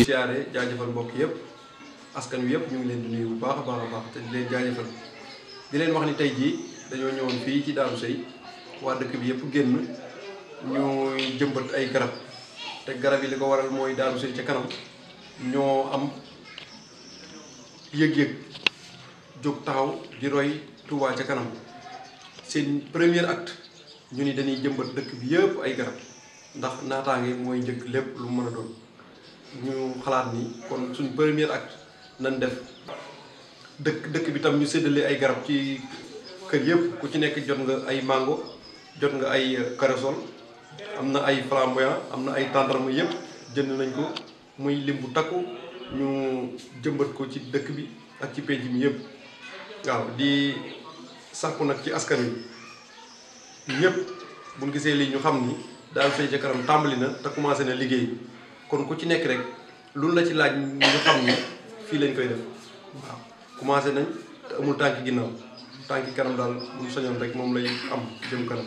di siyaare jaajëfal mbokk yëpp askan wi yëpp ñu ngi leen di nuyu bu baax baax baax te di leen jaajëfal di leen wax ni tey jii dañoo ñëwoon fii ci Daaru Sëy waa dëkk bi yëpp génn ñu jëmbat ay garab te garab yi li waral mooy Daaru Sëy ca kanam ñoo am yëg-yëg jóg taxaw di roy Touba ca kanam seen premier acte ñu ni dañuy jëmbat dëkk bi yëpp ay garab ndax naataange mooy njëkk lépp lu mën doon ñu xalaat nii kon suñ première ak nañ def dëkk dëkk bi tam ñu séddale ay garab ci kër yëpp ku ci nekk jot nga ay mango jot nga ay corossol am na ay flamboyant am na ay tàndarma yépp jënd nañ ko muy lim bu takku ñu jëmbat ko ci dëkk bi ak ci pénc mi yépp waaw di sàkku nag ci askan wi ñëpp buñ gisee lii ñu xam ni daal Fay ca tàmbali na te commencé na liggéey kon ku ci nekk rek lu la ci laaj nga xam ni fii lañ koy def waaw commencé nañ amul tànki ginnaaw tànki kanam daal mu sañoon rek moom lay am jëm kanam.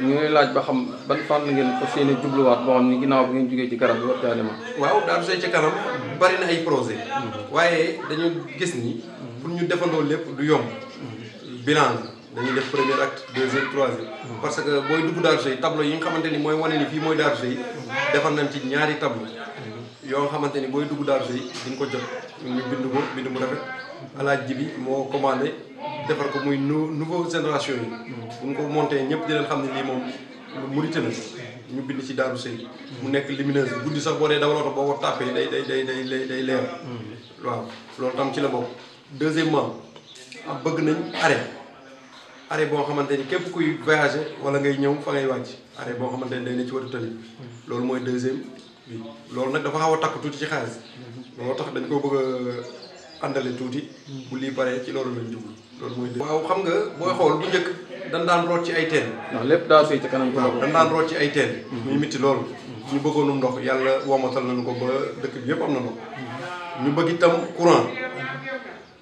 ñu ngi laaj ba xam ban fànn ngeen ko seen i jubluwaat boo xam ni ginnaaw bi ngeen jógee ci garab bi wax jaay waaw daal say ca kanam bari na ay projet mhm. waaye dañu gis ni. Mhm. pour ñu defandoo lépp du yomb. Mhm. bilan dañuy def premier acte deuxième troisième. parce que booy dugg Darou Seye tableau yi nga xamante ni mooy wane ni fii mooy Darou Seye defar nañ ci ñaari tableau. yoo xamante ni booy dugg Darou Seye di ko jot ñu bind ko bind mu rafet alaaj ji bi moo commandé defar ko muy nou nouveau génération yi mm-hmm. bu ñu ko monté ñëpp di leen xam ne lii moom lu Mauritanie ñu bind ci Darou Seye mu nekk lumineuse guddi sax boo dee dawal oto boo ko tàppee day day day day day leer mm-hmm. waaw loolu tam ci la bokk deuxièmement bëgg nañ arrêt arrêt boo xamante ni képp kuy voyager wala ngay ñëw fa ngay wàcc arrêt boo xamante ni day ne ci wetu tali mm-hmm. loolu mooy deuxième loolu nag dafa xaw a takk tuuti ci xaalis moo tax dañ ko bëgg a àndale tuuti bu lii paree ci loolu lañ jublu loolu mooy waaw xam nga boo xool bu njëkk dan daan root ci ay teen ndax lépp daa suy ci kanam waaw dan daan root ci ay teen mhm. ñu mitti loolu ñu bëggoonum ndox yàlla womatal nañu ko ba dëkk bi yëpp am na ndox mhm. ñu bëgg itam courant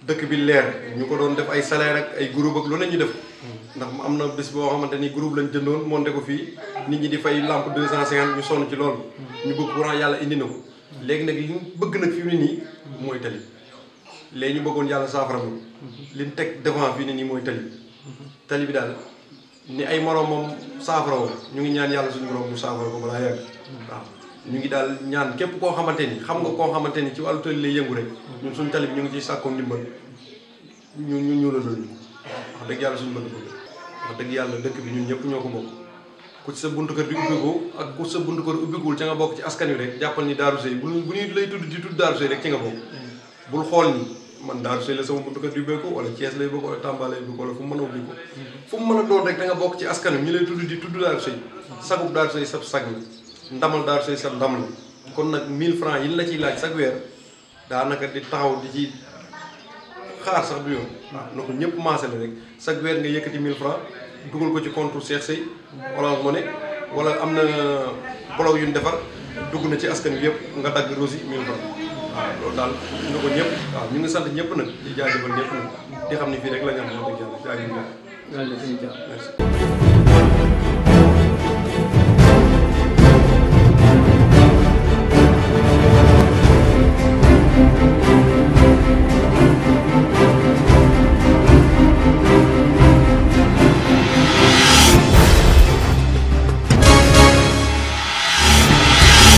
dëkk bi leer ñu ko doon def ay salaire ak ay group ak lu ne ñu def mhm. ndax am na bés boo xamante ni groupe lañ jëndoon monté ko fii nit ñi di fay lampe deux cent cinquante ñu sonn ci loolu. ñu bëgg courant yàlla indi na ko. léegi nag li ñu bëgg nag fi mu ne nii mooy tali. léegi ñu bëggoon yàlla saafara ko. li teg devant fi mu ne nii mooy tali. bi daal ni ay moroom moom saafara woo ñu ngi ñaan yàlla suñu moroom mu saafara ko balaa yàgg. ñu ngi daal ñaan képp koo xamante ni xam nga koo xamante ni ci wàllu tali lay yëngu rek. ñun suñu tali bi ñu ngi ciy sàkkoon ndimbal ñu ñu ñu loolu wax dëgg yàlla suñu bëgg-bëgg wax dëgg yàlla dëkk bi ñun ñëpp ñoo ko ku ci sa buntu kër di ubbiku ak ku ci sa buntu kër ubbikuwul ca nga bokk ci askan wi rek jàppal ni Darou Seye bu bu ñuy lay tudd di tudd Darou Seye rek ci nga bokk bul xool ni man Darou Seye la sama buntu kër di ubbiku wala Thiès lay bokk wala Tamba lay bokk wala fu mu mën a ubbiku fu mu mën a doon rek da nga bokk ci askan wi ñu lay tudd di tudd Darou Seye sagub Darou Seye sab sag la ndamal Darou Seye sab ndam la kon nag 1000 francs yi la ciy laaj chaque weer daanaka di taxaw di ci xaar sax du yoon na ko ñëpp maasale rek chaque weer nga yëkkati 1000 francs dugal ko ci compte Cheikh Seye Orange ne wala am na blog yu ñu defar dugg na ci askan wi yëpp nga dagg rosi 1000 francs waaw loolu daal ñu ko ñëpp waaw ñu ngi sant ñëpp nag di jaajëfal ñëpp nag di xam ne fii rek la ñu am wax dëgg yàlla jaajëf ñëpp.